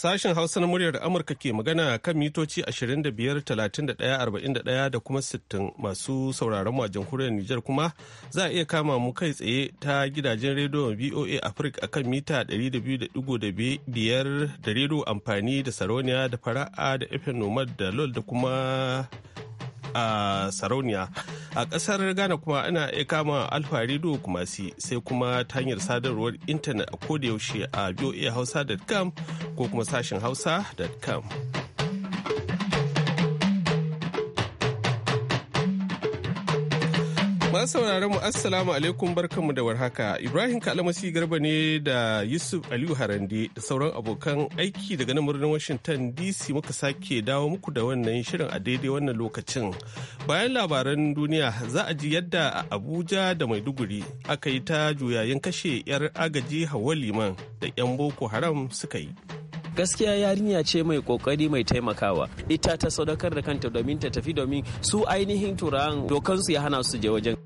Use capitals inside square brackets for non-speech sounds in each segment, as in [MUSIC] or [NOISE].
Sashen Hausa na muryar Amurka ke magana kan mitoci 25,31,41 da kuma 60 masu sauraron mu a jamhuriyar Nijar kuma za a iya kama mu kai tsaye ta gidajen rediyon VOA Africa a kan mita 200.5 da rediyo amfani da Saroniya da fara'a da efe Nomad da LOL da kuma a sarauniya a kasar ghana kuma ana iya kama alfa rediyo kuma sai kuma ta hanyar sadarwar intanet a kodayaushe a voahausa.com ko kuma sashen hausa.com Masu sauraron mu assalamu alaikum barkanmu da warhaka. Ibrahim Kalamasi Garba ne da Yusuf Aliyu Harande da sauran abokan aiki daga nan birnin Washington DC muka sake dawo muku da wannan shirin a daidai wannan lokacin. Bayan labaran duniya za a ji yadda a Abuja da Maiduguri aka yi ta juyayin kashe 'yar agaji hawa Liman da 'yan Boko Haram suka yi. gaskiya yarinya ce mai kokari mai taimakawa ita ta sadaukar da kanta domin ta tafi domin su ainihin turawan dokansu ya hana su je wajen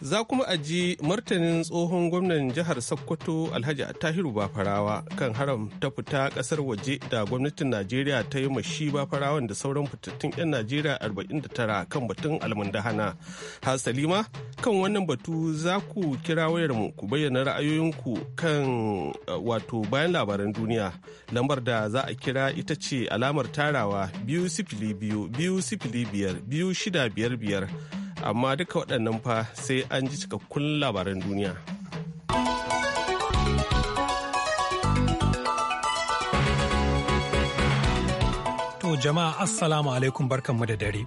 za kuma a ji martanin tsohon gwamnan jihar sokoto alhaji tahiru bafarawa kan haram ta fita kasar waje da gwamnatin najeriya ta yi mashi bafarawan da sauran fitattun 'yan najeriya 49 kan batun almundahana hasalima kan wannan batu za ku kira wayarmu ku bayyana ra'ayoyinku kan eh, wato bayan labaran duniya lambar da za a kira ita ce alamar tarawa biyu sifili biyu biyu sifili biyar biyu shida biyar biyar amma duka waɗannan fa sai an ji cikakkun labaran duniya. To jama'a assalamu alaikum barkanmu da dare.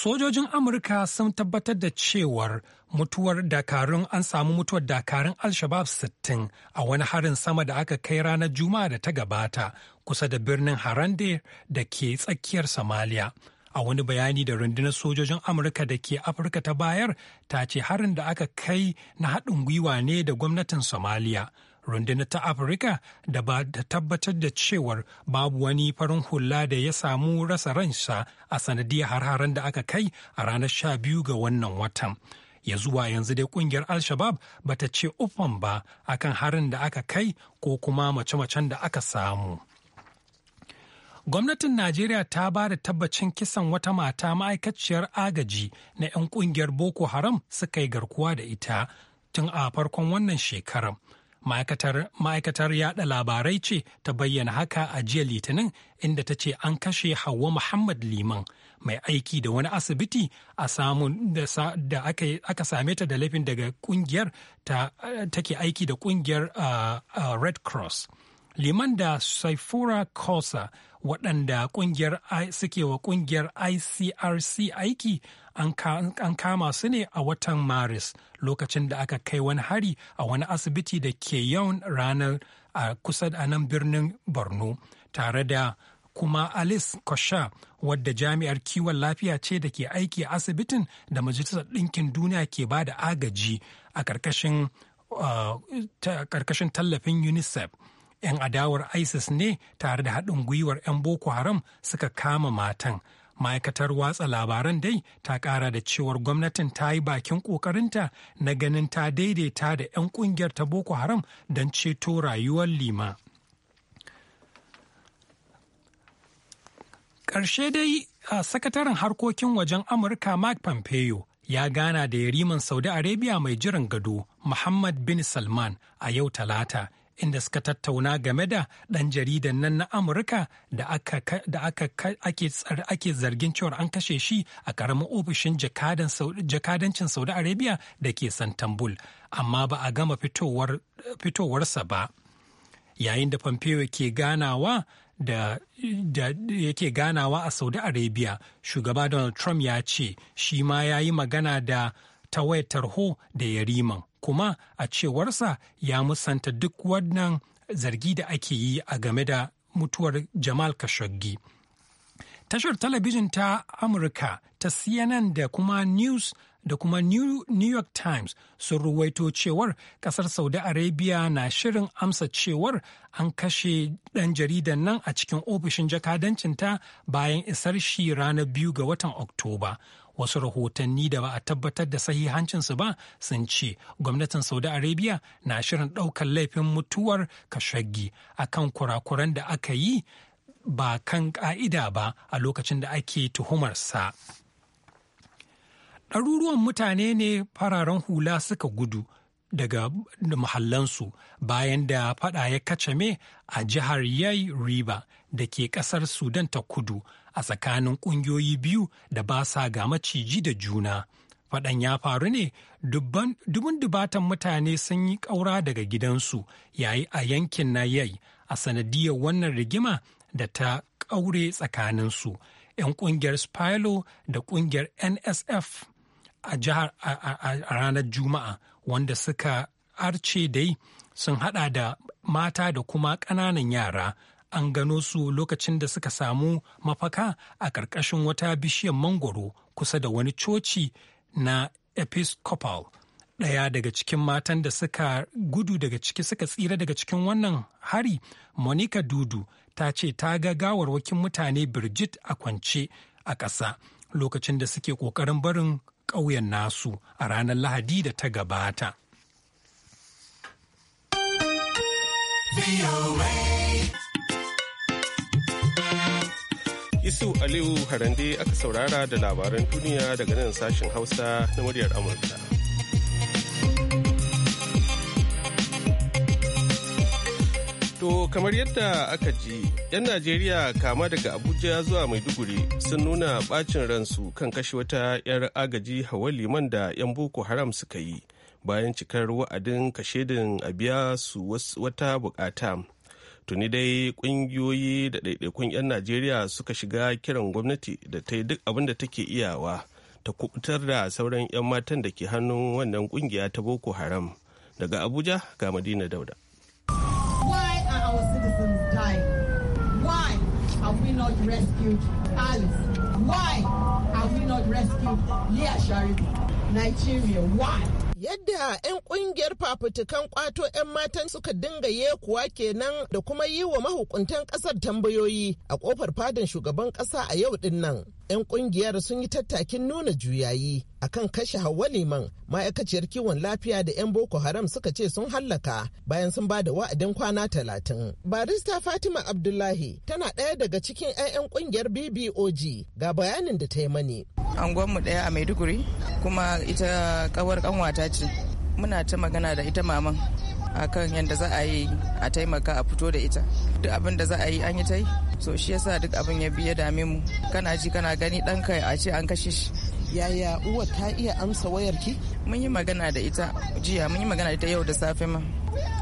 Sojojin Amurka sun tabbatar da cewar mutuwar dakarun an samu mutuwar dakarun Al-Shabaab 60 a wani harin sama da aka kai ranar Juma'a da ta gabata kusa da birnin Harande da ke tsakiyar Somalia. a wani bayani da rundunar sojojin amurka da ke afirka ta bayar ta ce harin da aka kai na haɗin gwiwa ne da gwamnatin somaliya Runduna ta afirka da ba da tabbatar da cewar babu wani farin hula da ya samu rasa ransa a sanadiyar harharen da aka kai a ranar sha biyu ga wannan watan ya zuwa yanzu dai kungiyar al-shabab bata ce ufan ba akan harin da aka kai ko kuma mace-macen da aka samu. Gwamnatin Najeriya ta ba da tabbacin kisan wata mata ma'aikaciyar agaji na 'yan kungiyar Boko Haram suka yi garkuwa da ita tun a farkon wannan shekarar. Ma'aikatar yada labarai ce ta bayyana haka a jiya Litinin inda ta ce an kashe Hauwa Muhammad Liman mai aiki da wani asibiti a samun da aka same ta da laifin daga kungiyar ta take aiki da kungiyar ah, ah, Red Cross. liman da saifura kosa waɗanda ƙungiyar suke wa ƙungiyar icrc aiki an kama su ne a watan maris lokacin da aka kai wani hari a wani asibiti da ke yawan ranar a kusa da nan birnin borno tare da kuma alice kosha wadda jami'ar kiwon lafiya ce da ke aiki a asibitin da majalisar ɗinkin duniya ke ba da agaji a ƙarƙashin tallafin unicef 'yan adawar isis ne tare da haɗin gwiwar 'yan boko haram suka kama matan ma'aikatar watsa labaran dai ta ƙara da cewar gwamnatin ta yi bakin ƙoƙarinta na ganin ta daidaita da 'yan ƙungiyar ta boko haram don ceto rayuwar lima ƙarshe dai a sakataren harkokin wajen amurka mark pompeo ya gana da yariman saudi arabia mai jiran gado muhammad bin salman a yau talata inda suka tattauna game da ɗan jaridan nan na Amurka da ake zargin cewar an kashe shi a ƙaramin ofishin jakadancin Saudi Arabia da ke Santambul, amma ba a gama fitowarsa ba. Yayin da Pompeo ke ganawa da, yake ganawa a Saudi Arabia, shugaba Donald Trump ya ce shi ma ya yi magana da ta wayar tarho da yariman kuma a cewarsa ya musanta duk wannan zargi da ake yi a game da mutuwar jamal khashoggi tashar talabijin ta amurka ta cnn da kuma news da kuma New, York Times sun ruwaito cewar kasar Saudi Arabia na shirin amsa cewar an kashe ɗan jaridan nan a cikin ofishin jakadancinta bayan isar shi ranar biyu ga watan Oktoba. wasu rahotanni da ba a tabbatar da sahihancinsu ba sun ce gwamnatin saudi arabia na shirin ɗaukar laifin mutuwar kashaggi akan kurakuran da aka yi ba kan ƙa'ida ba a lokacin da ake tuhumarsa. ɗaruruwan mutane ne fararen hula suka gudu daga muhallansu bayan da fada ya kacame a jihar yai riba da ke ƙasar sudan ta kudu a tsakanin ƙungiyoyi biyu da ba sa ga maciji da juna. Faɗan ya faru ne dubun dubatan mutane sun yi ƙaura daga gidansu yayi a yankin na yai a sanadiyar wannan rigima da ta ƙaure tsakaninsu. 'Yan ƙungiyar Spilo da ƙungiyar NSF a jihar a ranar Juma'a wanda suka arce dai sun hada da mata da kuma ƙananan yara an gano su lokacin da suka samu mafaka a ƙarƙashin wata bishiyar mangoro kusa da wani coci na episcopal ɗaya daga cikin matan da suka gudu daga ciki suka tsira daga cikin wannan hari monica dudu ta ce ta ga gawarwakin mutane birgit a kwance a ƙasa lokacin da suke ƙoƙarin barin ƙauyen nasu a ranar lahadi da ta gabata Isu Aliyu Harande aka saurara da labaran duniya daga nan sashen Hausa na muryar Amurka. To kamar yadda aka ji, 'yan Najeriya kama daga Abuja zuwa Maiduguri sun nuna bacin ransu kan kashe wata 'yar agaji hawa liman da 'yan Boko Haram suka yi bayan cikar wa'adin kashedin a biya su wata bukata. tuni dai kungiyoyi da ɗaiɗaikun 'yan najeriya suka shiga kiran gwamnati da ta yi duk abin da take iyawa ta kubutar da sauran 'yan matan da ke hannun wannan kungiya ta boko haram daga abuja ga madina dauda Nigeria, why? Yadda 'yan kungiyar fafutukan kwato 'yan matan suka dinga yekuwa kenan da kuma yi wa mahukuntan kasar tambayoyi a kofar fadan shugaban kasa a yau din 'yan kungiyar sun yi tattakin nuna juyayi akan kashe hawa liman ma'aikaciyar kiwon lafiya da 'yan boko haram suka ce sun hallaka bayan sun ba da wa'adin kwana talatin barista fatima abdullahi tana ɗaya daga cikin 'ya'yan kungiyar bbog ga bayanin da ta yi mani mu ɗaya a maiduguri kuma ita kawar kanwata ce muna ta magana da ita maman a kan yadda za a yi a taimaka a fito da ita duk abin da za a yi an yi ta yi so shi yasa duk abin ya biya dame mu kana ji kana gani kai a ce an kashe shi yaya uwa ta iya amsa wayarki mun yi magana da ita jiya mun yi magana da ita yau da safe ma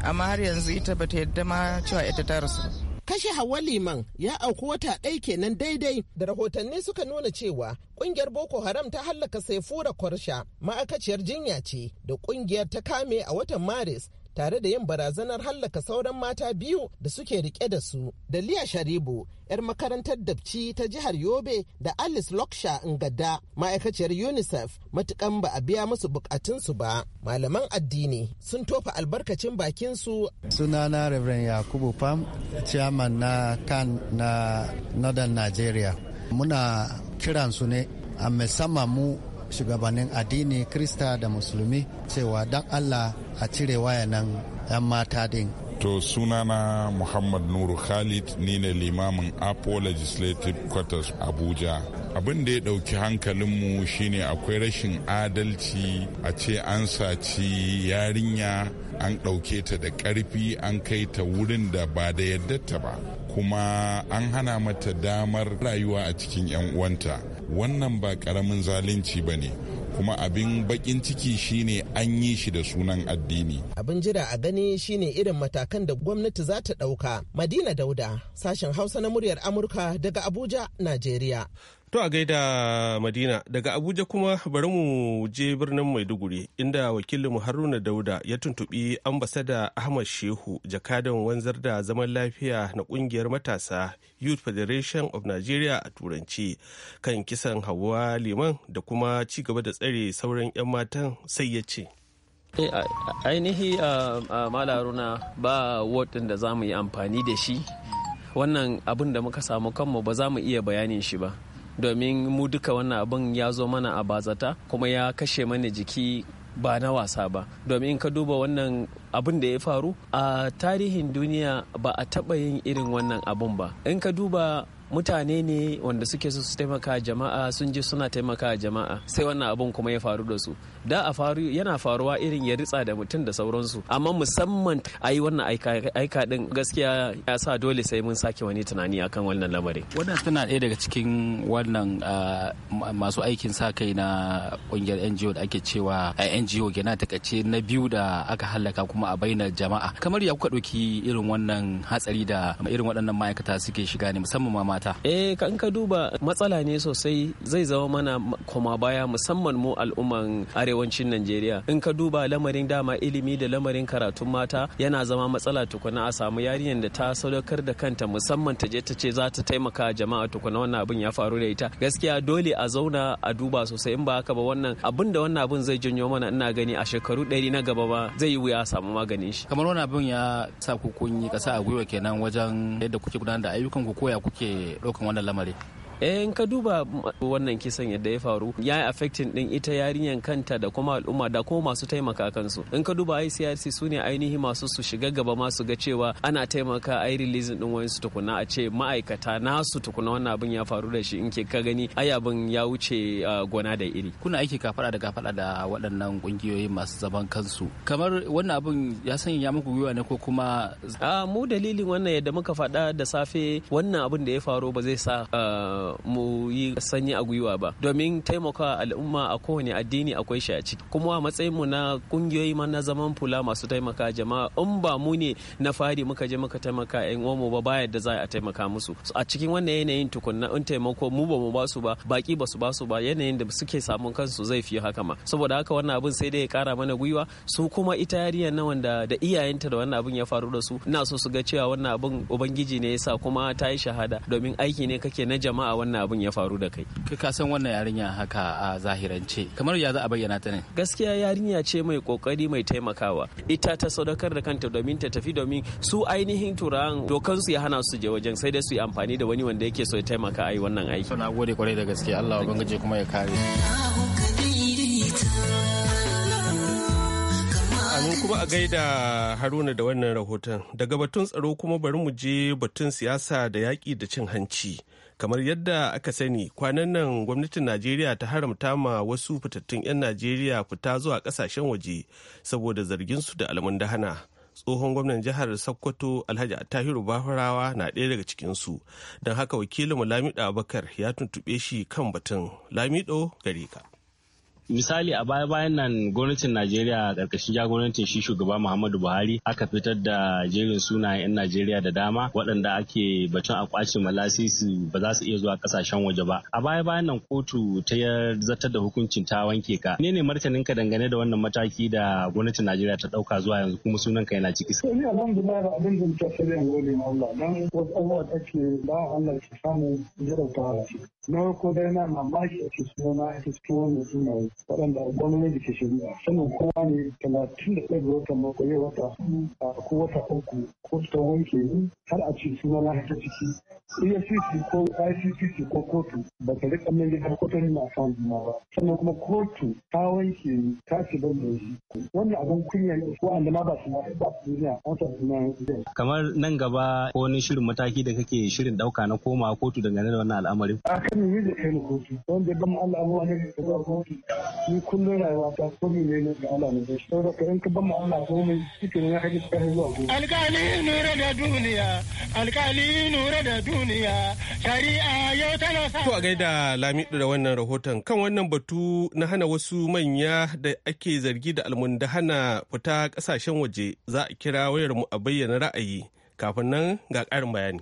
amma har yanzu ita bata yadda ma cewa ita ta rasu kashe hawa Liman ya auku wata ɗaya kenan daidai da rahotanni suka nuna cewa ƙungiyar Boko Haram ta hallaka Saifura Kwarsha ma'akaciyar jinya ce da ƙungiyar ta kame a watan Maris tare da yin barazanar hallaka sauran mata biyu da suke rike da su. Da Liya Sharibu, 'yar makarantar dabci ta jihar Yobe da Alice Loksha Gada ma'aikaciyar UNICEF matukan ba a biya musu bukatunsu ba. Malaman addini sun tofa albarkacin bakinsu. Sunana Reverend Yakubu Pam, chairman na kan na Northern Nigeria. Muna kiransu ne a musamman mu shugabannin addini krista da musulmi cewa dan allah a cire waya nan 'yan mata din To sunana Muhammad Nuru Khalid ni ne limamin Apo Legislative Quarters Abuja. Abin da ya ɗauki hankalinmu shine akwai rashin adalci a ce an saci yarinya an ɗauke ta da karfi an kai ta wurin da ba da ta ba. Kuma an hana mata damar rayuwa a cikin 'yan uwanta. wannan ba karamin zalunci ba ne kuma abin bakin ciki shine an yi shi da sunan addini abin jira a gani shine irin matakan da gwamnati za ta ɗauka madina dauda sashen hausa na muryar amurka daga abuja najeriya To a gaida Madina daga Abuja kuma bari mu je birnin Maiduguri inda wakilinmu Haruna Dauda ya tuntubi ambasada Ahmad Shehu jakadan wanzar da zaman lafiya na kungiyar matasa Youth Federation of Nigeria a turanci kan kisan hawa Liman da kuma ci gaba da tsare sauran 'yan matan sai ya ce. Eh, ainihi malaruna ba wadin da za mu yi amfani da shi wannan abin da muka samu kanmu ba za mu iya bayanin shi ba domin mu duka wannan abin ya zo mana a bazata kuma ya kashe mana jiki ba na wasa ba domin ka duba wannan abin da ya faru a tarihin duniya ba a taɓa yin irin wannan abun ba in ka duba mutane ne wanda suke su taimaka jama'a sun je suna taimaka jama'a sai wannan abun kuma ya faru da su da a faru yana faruwa irin ya ritsa da mutum da sauransu amma musamman a yi wannan aika din gaskiya ya sa dole sai mun sake wani tunani akan wannan lamarin wannan tana ɗaya daga cikin wannan masu aikin sa kai na kungiyar NGO da ake cewa NGO gina takaice na biyu da aka halaka kuma a bainar jama'a kamar ya kuka ɗauki irin wannan hatsari da irin waɗannan ma'aikata suke shiga ne musamman ma mata eh in ka duba matsala ne sosai zai zama mana koma baya musamman mu al'umman arewacin najeriya in ka duba lamarin dama ilimi da lamarin karatun mata yana zama matsala tukuna a samu yarinyar da ta sadaukar da kanta musamman ta je ta ce za ta taimaka jama'a tukuna wannan abin ya faru da ita gaskiya dole a zauna a duba sosai in ba haka ba wannan abin da wannan abin zai janyo mana ina gani a shekaru ɗari na gaba ba zai yi wuya a samu maganin shi kamar wannan abin ya sa ku kun yi kasa a gwiwa kenan wajen yadda kuke gudanar da ayyukan ku koya kuke ke ɗaukan wannan lamari Eh, in ka duba wannan kisan yadda ya faru ya yi affecting din ita yarinyar kanta da kuma al'umma da kuma masu taimaka kansu in ka duba ICRC su ne ainihi masu su shiga gaba ma su ga cewa ana taimaka ai releasing din wayansu tukuna a ce ma'aikata nasu tukuna wannan abin ya faru da shi in ke ka gani ai abin ya wuce gona da iri kuna aiki ka fada da ka fada da waɗannan kungiyoyi masu zaman kansu kamar wannan abin ya sanya muku gwiwa ne ko kuma a mu dalilin wannan yadda muka fada da safe wannan abin da ya faru ba zai sa mu yi sanyi a gwiwa ba domin taimakawa al'umma a kowane addini akwai shi a ciki kuma a matsayin mu na kungiyoyi ma na zaman fula masu taimaka jama'a in ba mu ne na fari muka je muka taimaka yan uwanmu ba bayar da za a taimaka musu a cikin wannan yanayin tukunna in taimako mu ba mu ba su ba baki ba su ba su ba yanayin da suke samun kansu zai fi haka ma saboda haka wannan abin sai dai ya kara mana gwiwa su kuma ita yariyar na wanda da iyayenta da wannan abin ya faru da su na so su ga cewa wannan abin ubangiji ne ya sa kuma ta yi shahada domin aiki ne kake na jama'a wannan abin ya faru da kai ka san wannan yarinya haka a zahirance kamar ya za a bayyana ta ne gaskiya yarinya ce mai kokari mai taimakawa ita ta sadaukar da kanta domin ta tafi domin su ainihin turan dokan su ya hana su je wajen sai dai su yi amfani da wani wanda yake so ya taimaka a yi wannan aiki na gode kwarai da gaske Allah ubangiji kuma ya kare kuma a gaida Haruna da wannan rahoton. Daga batun tsaro kuma bari mu je batun siyasa da yaƙi da cin hanci. kamar yadda aka sani kwanan nan gwamnatin najeriya ta haramta ma wasu fitattun 'yan najeriya fita zuwa kasashen waje saboda zargin su da almundahana tsohon gwamnan jihar sokoto alhaji tahiru bahurawa na ɗaya daga cikinsu don haka wakilin lamido abakar ya tuntuɓe shi kan batun lamido gare ka misali a baya bayan nan gwamnatin najeriya karkashin jagorancin shi shugaba muhammadu buhari aka fitar da jerin sunayen 'yan najeriya da dama waɗanda ake batun a kwace malasisi ba za su iya zuwa ƙasashen waje ba a baya bayan nan kotu ta zartar da hukuncin ta wanke ka ne ne martanin ka dangane da wannan mataki da gwamnatin najeriya ta ɗauka zuwa yanzu kuma sunan ka yana ciki sai abin da ta gode ma Allah don wasu abubuwa ba Allah ta samu jirar ta na ko dai na mamaki a cikin suna a cikin wani suna waɗanda gwamnati ke shirya sannan kowa ne talatin da ɗaya da watan bakwai yau wata a ko wata uku ko ta wanke har a cikin suna na ta ciki efcc ko icc ko kotu ba ta riƙa min rigar kotun na san na ba sannan kuma kotu ta wanke ni ta ce ban da shi wannan abin kunya ne ko an ma ba su na ba su ne a wata suna kamar nan gaba ko wani shirin mataki da kake shirin ɗauka na komawa kotu dangane da wannan al'amarin. ilimi da kai koki wanda ya bama Allah abuwa ne da ba koki ni kullum rayuwa ta komi ne ne da Allah ne shi saboda in ka bama Allah ko komai cikin ya haɗe ka zuwa gobe alkali nura da duniya alkali nura da duniya shari'a yau tana sa to a gaida lamidu da wannan rahoton kan wannan batu na hana wasu manya da ake zargi da almunda hana fita kasashen waje za a kira wayarmu a bayyana ra'ayi kafin nan ga ƙarin bayani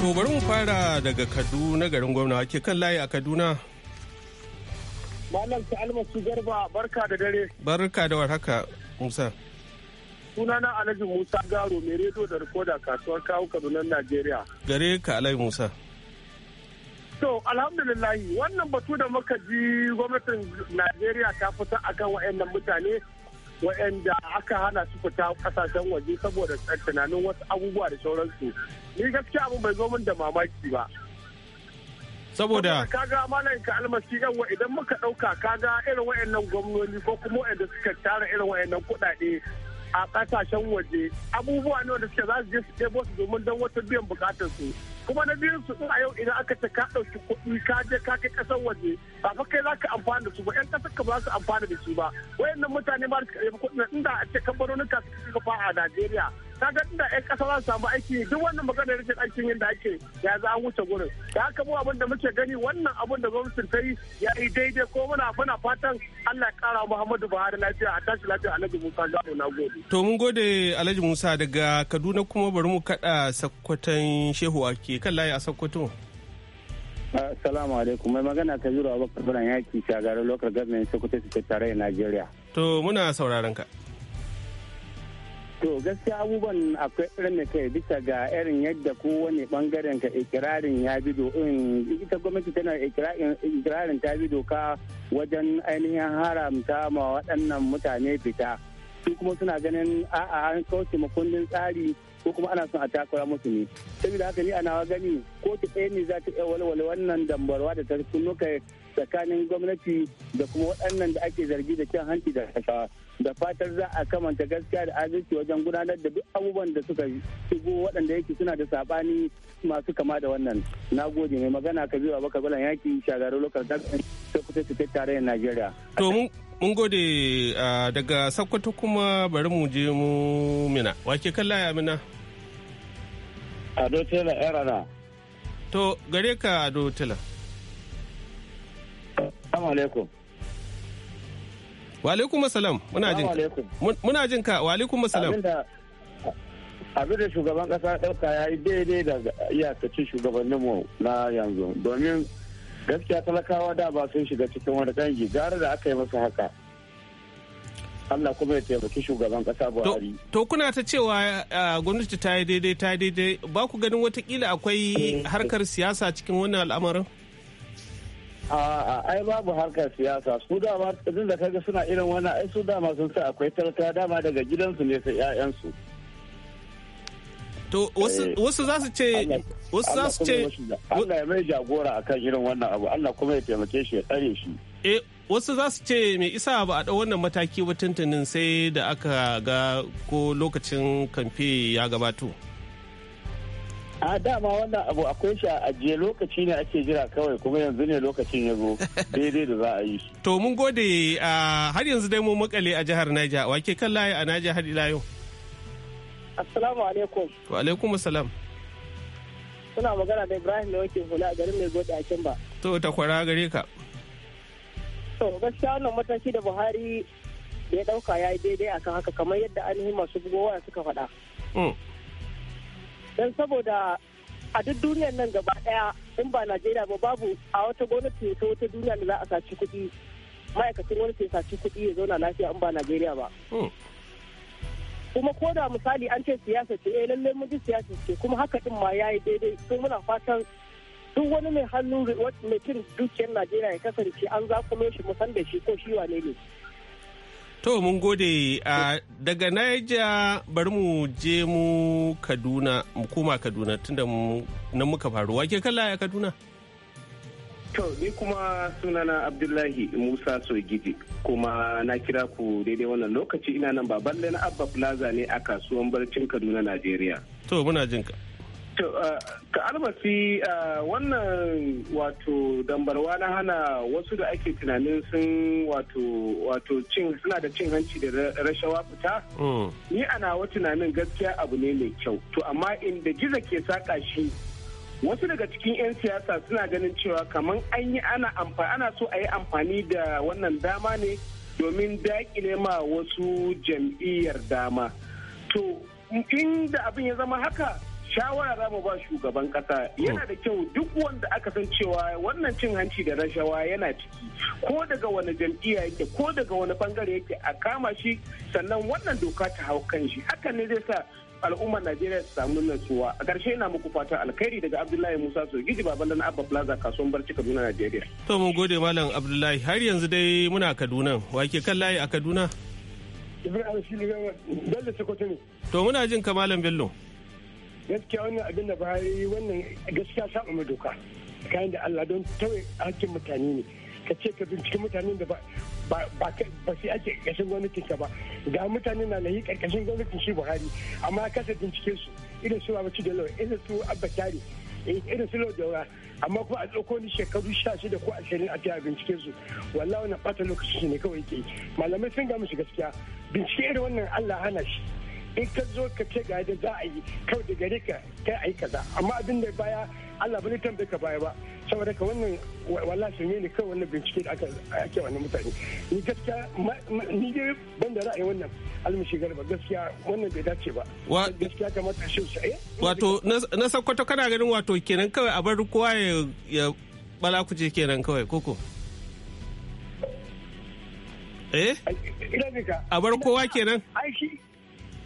To bari mu fara daga Kaduna garin gwamna ake kan layi a Kaduna. Malam ta almasu garba barka da dare. Barka da warhaka Musa. Sunana Alhaji Musa Garo mai rediyo da rikoda kasuwar kawo Kaduna Najeriya. Gare ka Alhaji Musa. To alhamdulillahi wannan batu da muka ji gwamnatin Najeriya ta fita akan waɗannan mutane waɗanda aka hana su fita kasashen waje saboda tunanin wasu abubuwa da sauransu ni gaskiya abu bai zo min da mamaki ba saboda kaga malam ka almasi yawa idan muka ɗauka kaga irin waɗannan gwamnoni ko kuma wayanda suka tara irin waɗannan kuɗaɗe a kasashen waje abubuwa ne wanda suke za su je su ɗebo su domin don wata biyan bukatar su kuma na biyun su a yau idan aka ce ka ɗauki kuɗi ka je ka kai ƙasar waje ba fa kai za ka amfana da su ba 'yan ƙasar ka ba su amfana da su ba wayannan mutane ba su karɓi kuɗin inda a ce kamfanonin ka suka kafa a Najeriya kaga inda ƴan ƙasa za su samu aiki duk wannan maganar rashin aikin yin da ake ya za an wuce gurin da haka mu abin da muke gani wannan abin da gwamnatin ta yi ya yi daidai ko muna muna fatan Allah ya kara Muhammadu Buhari lafiya a tashi lafiya Alhaji Musa Jalo na gode. To mun gode Alhaji Musa daga Kaduna kuma bari mu kaɗa sakkwaton Shehu Ake kan layi a sakkwato. Assalamu alaikum mai magana ta zuwa Abubakar Buran yaki shagarar local government Sokoto State tarayyar Najeriya. To muna sauraron ka. To gaskiya abubuwan akwai irin da kai bisa ga irin yadda kowane bangaren ka ikirarin ya bi in ita gwamnati tana ikirarin ta bi doka wajen ainihin haramta ma waɗannan mutane fita. Su kuma suna ganin a'a an kauce makundin tsari ko kuma ana son a takura musu ne. Saboda haka ni ana gani ko ta ɗaya ne za ta iya walwale wannan dambarwa da ta sunuka tsakanin gwamnati da kuma waɗannan da ake zargi da cin hanci da rashawa da fatar za a kamanta gaskiya da adalci wajen gudanar da duk abubuwan da suka shigo waɗanda yake suna da saɓani masu kama da wannan na gode mai magana ka biyu baka balan yaki shagaru lokal government ta kusa ta tarayyar najeriya to mun gode daga sakkwato kuma bari mu je mu mina wake kalla ya mina ado tela erana to gare ka ado tela Assalamu alaikum. Wa alaikum assalam. Muna jin ka. Muna jin ka. Wa alaikum assalam. Abin da shugaban kasa dauka ya yi daidai da iyakacin shugabanninmu na yanzu domin gaskiya talakawa da ba sun shiga cikin wani dangi gara da aka yi masa haka. Allah kuma ya taimaki shugaban kasa Buhari. To kuna ta cewa ah, gwamnati ta yi daidai ta yi daidai ba ku ganin watakila akwai eh. harkar siyasa cikin wannan al'amarin? A'a, ai babu harkar siyasa su dama tun da kaga suna irin wannan ai su dama sun sa akwai talaka dama daga gidansu ne sai 'ya'yansu. To wasu za su ce wasu za su ce Allah ya mai jagora akan irin wannan abu Allah kuma ya taimake shi ya tsare shi. Eh wasu za su ce me isa ba a ɗau wannan mataki ba tuntunin sai da aka ga ko lokacin kamfe ya gabato. a dama wannan abu akwai shi a ajiye lokaci ne ake jira kawai kuma yanzu ne lokacin ya zo daidai da za a yi to mun gode har yanzu dai mu makale a jihar wa wake kan layi a naija har ila yau assalamu alaikum wa alaikum assalam suna magana da Ibrahim da wake hula a garin mai gode a Kimba to ta kwara gare ka to gaskiya wannan mataki da Buhari ya dauka ya yi daidai akan haka kamar yadda ainihin masu bugowa suka faɗa. Mm. don saboda a duk duniyar nan gaba daya in ba najeriya ba babu a wata gwamnati ta wata duniya da za a saci kuɗi ma'aikacin wani ya saci kuɗi ya zauna lafiya in ba najeriya ba hmm. kuma ko da misali an ce siyasa ce eh lallai mun ji siyasa ce kuma haka din ma yayi daidai to muna fatan duk wani mai hannu mai cin dukiyar najeriya ya kasance an zakume shi musan da shi ko shi wane ne To mun gode daga Niger bari mu je mu Kaduna mu koma Kaduna tunda nan muka faru wake kalla ya Kaduna. To ni kuma sunana Abdullahi Musa Sogidi kuma na kira ku daidai wannan lokaci ina nan baballe na Abba Plaza ne a kasuwan barcin Kaduna Najeriya. To muna jinka. Uh, ka almasi uh, wannan wato dambarwa na hana wasu da ake tunanin sun wato wato cin suna da cin hanci da rashawa fita mm. ni ana wa tunanin gaskiya abu ne mai kyau to amma inda gizo ke saƙa shi wasu daga cikin 'yan siyasa suna ganin cewa kamar an yi ana amfani ana so a yi amfani da wannan dama ne domin daƙile ma wasu jam'iyyar dama to inda abin ya zama haka shawara za mu ba shugaban kasa yana da kyau duk wanda aka san cewa wannan cin hanci da rashawa yana ciki ko daga wani jam'iyya yake ko daga wani bangare yake a kama shi sannan wannan doka ta hau kan shi hakan ne zai sa al'ummar Najeriya su samu natsuwa a ƙarshe yana muku fatan alkhairi daga Abdullahi Musa gidi baban na Abba Plaza kasuwan Barci Kaduna Najeriya. To mun gode malam Abdullahi har yanzu dai muna Kaduna wake kan layi a Kaduna. Ibrahim Bello Sokoto ne. To muna jin ka malam Bello. gaskiya wannan abin da bahari wannan gaskiya saba ma doka kayan da Allah don tauye hakkin mutane ne ka ce ka binciki mutanen da ba ba ake ƙarƙashin gwamnatin ka ba ga mutane na lahi ƙarƙashin gwamnatin shi buhari amma kasa bincike su irin su abaci da lawa irin su abba tari eh, irin su lau daura amma kuma a tsoko ni shekaru sha shida ko ashirin a ta bincike su wallahi na ɓata lokaci ne kawai ke malamai sun ga shi gaskiya bincike irin wannan allah hana shi in ka zo ka ce ga yadda za a yi kawai da gare ka kai a yi kaza amma abin da baya Allah bane tambaye ka baya ba saboda ka wannan wala sun ne kawai wannan bincike da ake wannan mutane ni gaskiya ni je ban da ra'ayi wannan almishi garba gaskiya wannan bai dace ba gaskiya kamata shi su eh? wato na sakkwato kana ganin wato kenan kawai a bar kowa ya bala kuje kenan kawai koko eh a bar kowa kenan ai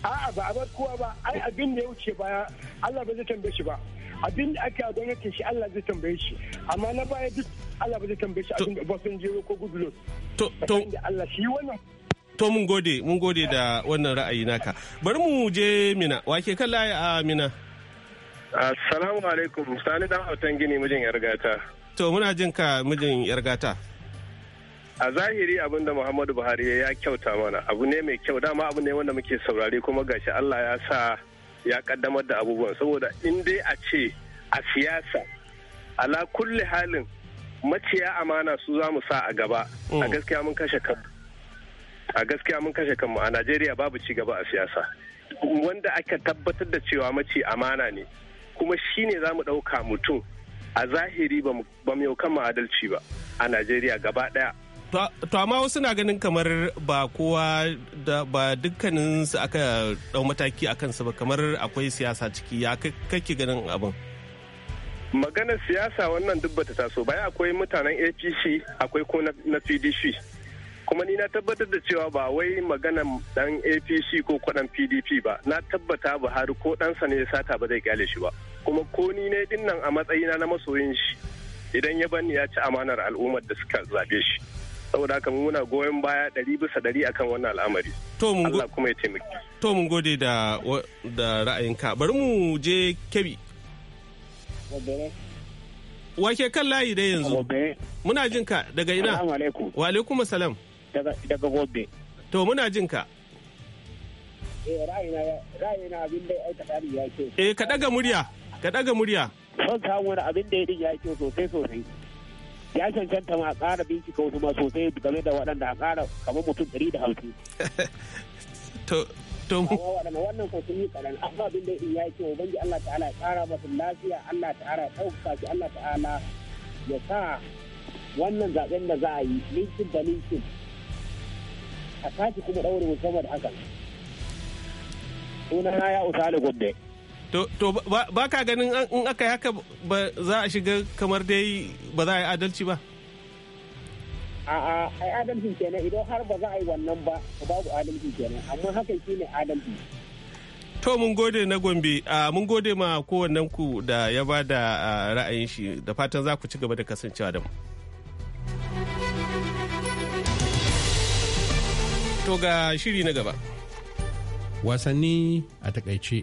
a'a ba a bar kowa ba ai abin da ya wuce baya Allah ba zai tambaye shi ba abin da ake a gwamnatin shi Allah zai tambaye shi amma na baya duk Allah ba zai tambaye shi abin da Obasanjo ko Goodluck to to Allah shi wannan to mun gode mun gode da wannan ra'ayi naka bari mu je mina wake kan layi a mina assalamu alaikum sani dan hautan gini mijin yargata to muna jin ka mijin yargata a zahiri abin da muhammadu buhari ya kyauta mana abu ne mai kyau dama abu ne wanda muke saurari, kuma gashi allah ya sa ya kaddamar da abubuwan saboda in dai a ce a siyasa ala kulli halin maciya amana su za mu sa a gaba a mm. gaskiya mun kashe kanmu a gaskiya mun kashe kanmu a najeriya babu ci gaba a siyasa wanda aka tabbatar da cewa mace amana ne kuma shi ne za mu ɗauka mutum a zahiri ba mu yau adalci ba a najeriya gaba ɗaya to amma wasu na ganin kamar ba kowa da ba dukkanin su aka dau mataki akan su ba kamar akwai siyasa ciki ya kake ganin abin maganar siyasa wannan duk bata taso akwai mutanen apc akwai ko na pdp kuma ni na tabbatar da cewa ba wai maganar dan apc ko kwadan pdp ba na tabbata buhari ko ɗansa ne ya sata ba zai kyale shi ba kuma ko ni ne dinnan a matsayina na masoyin shi idan ya bani ya ci amanar al'ummar da suka zabe shi saboda haka muna goyon baya ɗari bisa ɗari akan wannan al'amari Allah kuma ya taimaki to mun gode da da ra'ayinka bari mu je kebi wake kan layi dai yanzu muna jin ka daga ina wa alaikum salam daga gobe to muna jin ka eh, ra'ayina abin da aikata ya ce eh ka daga murya ka daga murya son samu wani abin da ya ya ce sosai sosai ya cancanta ma a ƙara bincika wasu ma sosai game da waɗanda a ƙara kamar mutum ɗari da hamsin. [LAUGHS] To to mu wannan ko sun yi karan amma abin da ya ce ubangi Allah ta'ala ya ƙara masu lafiya Allah ta'ala ya ɗauka shi Allah ta'ala ya sa wannan zaɓen da za a yi linkin da linkin a tashi kuma ɗaure musamman hakan. Suna ya Usale Gombe. To ba ka ganin in aka yi haka ba za a shiga kamar dai ba za a yi adalci ba? A'a, ai adalci kenan idan har ba za a yi wannan ba, babu adalci kenan, amma hakan shi ne adalci. To mun gode na Gombe, mun gode ma kowannen ku da ya ba da ra'ayin shi da fatan za ku ci gaba da kasancewa da mu. To ga shiri na gaba. Wasanni a takaice.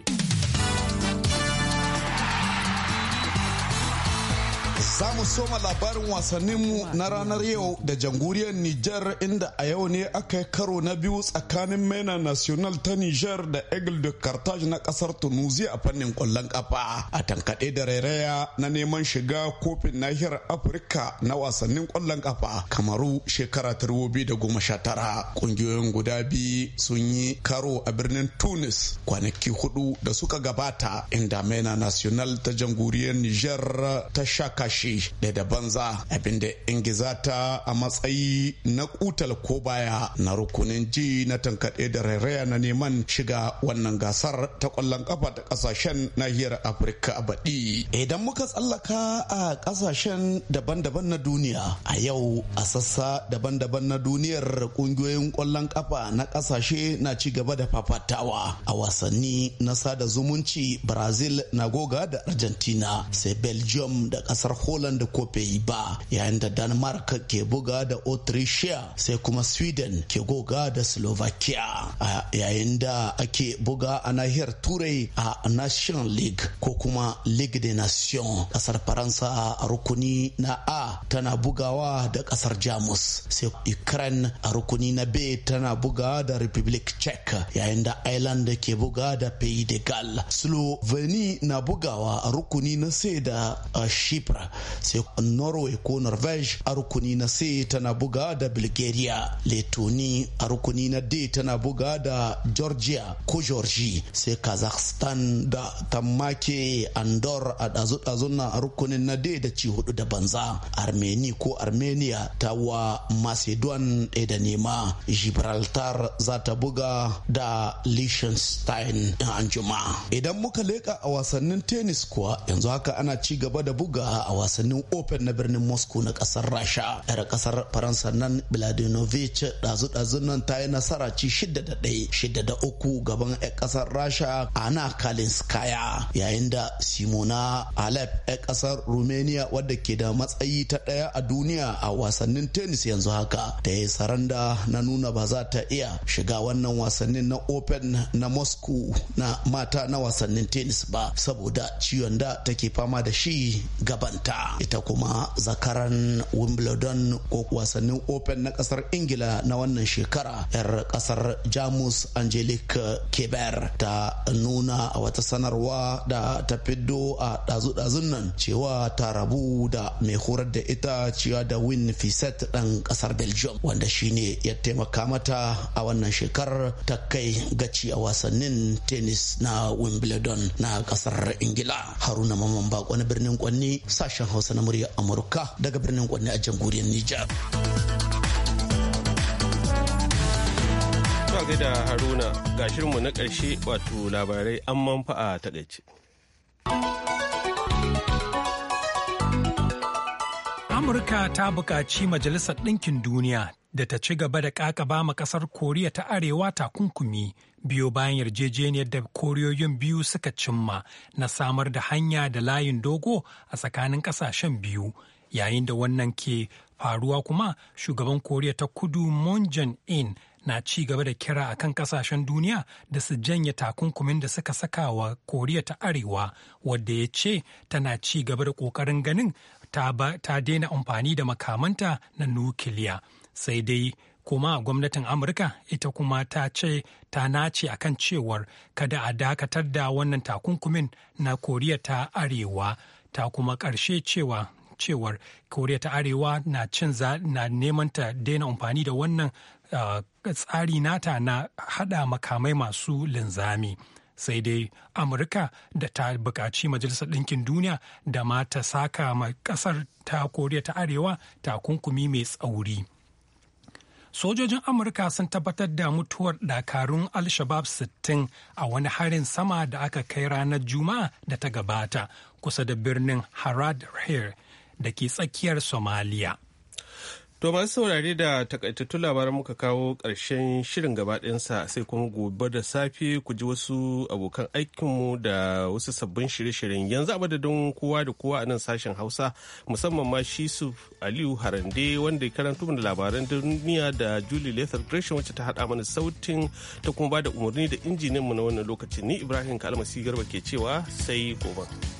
Za mu soma labarin wasanninmu na ranar yau da jamhuriyar Nijar inda a yau ne aka yi karo na biyu tsakanin Mena National ta Nijar da Eagle de Carthage na kasar Tunisia a fannin kwallon kafa a tankaɗe da rairaya na neman shiga kofin nahiyar Afirka na wasannin kwallon kafa Kamaru shekara ta tara. Kungiyoyin guda biyu sun yi karo a birnin Tunis kwanaki hudu da suka gabata inda Mena National ta jamhuriyar Nijar ta sha kashi shiri da da banza abinda ingiza ta a matsayi na kutal ko baya na rukunin ji na tankaɗe da rairaya na neman shiga wannan gasar ta kwallon ƙafa ta kasashen nahiyar afirka a baɗi idan muka tsallaka a ƙasashen daban-daban na duniya a yau a sassa daban-daban na duniyar ƙungiyoyin ƙwallon ƙafa na ƙasashe na ci gaba da fafatawa a wasanni na sada zumunci brazil na goga da argentina sai belgium da ƙasar holland poland ko bai ba yayin da denmark ke buga da autrichia sai kuma sweden ke goga da slovakia yayin da ake buga a nahiyar turai a national league ko kuma Ligue des nation kasar faransa a rukuni na a tana bugawa da kasar jamus sai ukraine a rukuni na b tana buga da republic czech yayin da ireland ke buga da pays de gal sloveni na bugawa a rukuni na c da shipra sai norway ko norvege a rukuni na c tana buga da bulgaria letoni a rukuni na d tana buga da georgia ko georgi sai kazakhstan da tamake andor a dazu-dazun na rukunin na d da ci hudu da banza armeni ko armenia ta wa macedon ɗaya da nema gibraltar za ta buga da liechtenstein an anjima. idan muka leka a wasannin tennis kuwa yanzu haka ana ci gaba da buga a wasannin open na birnin moscow na kasar rasha yar kasar faransa nan vladinovich dazu dazu nan ta yi nasara ci shida da ɗaya shida da uku gaban yar kasar rasha ana kalinskaya yayin da simona alep yar kasar romania wadda ke da matsayi ta ɗaya a duniya a wasannin tennis yanzu haka ta yi saranda na nuna ba za ta iya shiga wannan wasannin na open na moscow na mata na wasannin tennis ba saboda ciwon da take fama da shi gabanta ita kuma zakaran wimbledon ko wasannin open na kasar ingila na wannan shekara yar kasar jamus angelique keber ta nuna a wata sanarwa da ta fiddo a dazu-dazun nan cewa ta rabu da mai horar da ita cewa da win fiset dan kasar belgium wanda shine ya taimaka mata a wannan shekarar ta kai gaci a wasannin tennis na wimbledon na kasar ingila haruna maman bako na birnin kwanni sashen Hausa na murya Amurka daga birnin Kwanne a jamhuriyar Nijar. Zuwa da Haruna ga shirinmu na ƙarshe wato labarai an fa'a ta ɗaci. Amurka ta buƙaci Majalisar Ɗinkin Duniya da ta ci gaba da ƙaƙaba ma ƙasar Koriya ta Arewa takunkumi biyo bayan yarjejeniyar da koriyoyin biyu suka cimma na samar da hanya da layin dogo a tsakanin ƙasashen biyu. Yayin da wannan ke faruwa kuma shugaban Koriya ta Kudu Moon Jae-in na ci gaba da kira a kan kasashen duniya da su janye takunkumin da suka saka wa koriya ta arewa wadda ya ce tana ci gaba da kokarin ganin ta daina amfani da makamanta na nukiliya sai dai kuma gwamnatin amurka ita kuma ta ce ta nace akan cewar kada a dakatar da wannan takunkumin na koriya ta arewa ta kuma karshe cewa cewar koriya ta arewa na cin na neman ta daina amfani da wannan ah, tsari nata na hada makamai masu linzami sai dai amurka da ta buƙaci majalisar ɗinkin duniya da ma ta saka ma ƙasar ta koriya ta arewa ta kunkumi mai tsauri sojojin amurka sun tabbatar da mutuwar dakarun al-shabab 60 a wani harin sama da aka kai ranar juma'a da ta gabata kusa da birnin harad da ke tsakiyar Somalia. To masu saurare da takaitattun labaran muka kawo karshen shirin gabaɗinsa sai kuma gobe da safe ku ji wasu abokan aikinmu da wasu sabbin shirye-shiryen yanzu a madadin kowa da kowa a nan sashen Hausa musamman ma Shisu Aliyu Harande wanda ya karanta mana labaran duniya da Julie Lethal Gresham wacce ta haɗa mana sautin ta kuma ba da umarni da injinin mu na wannan lokacin ni Ibrahim Kalmasi Garba ke cewa sai gobe.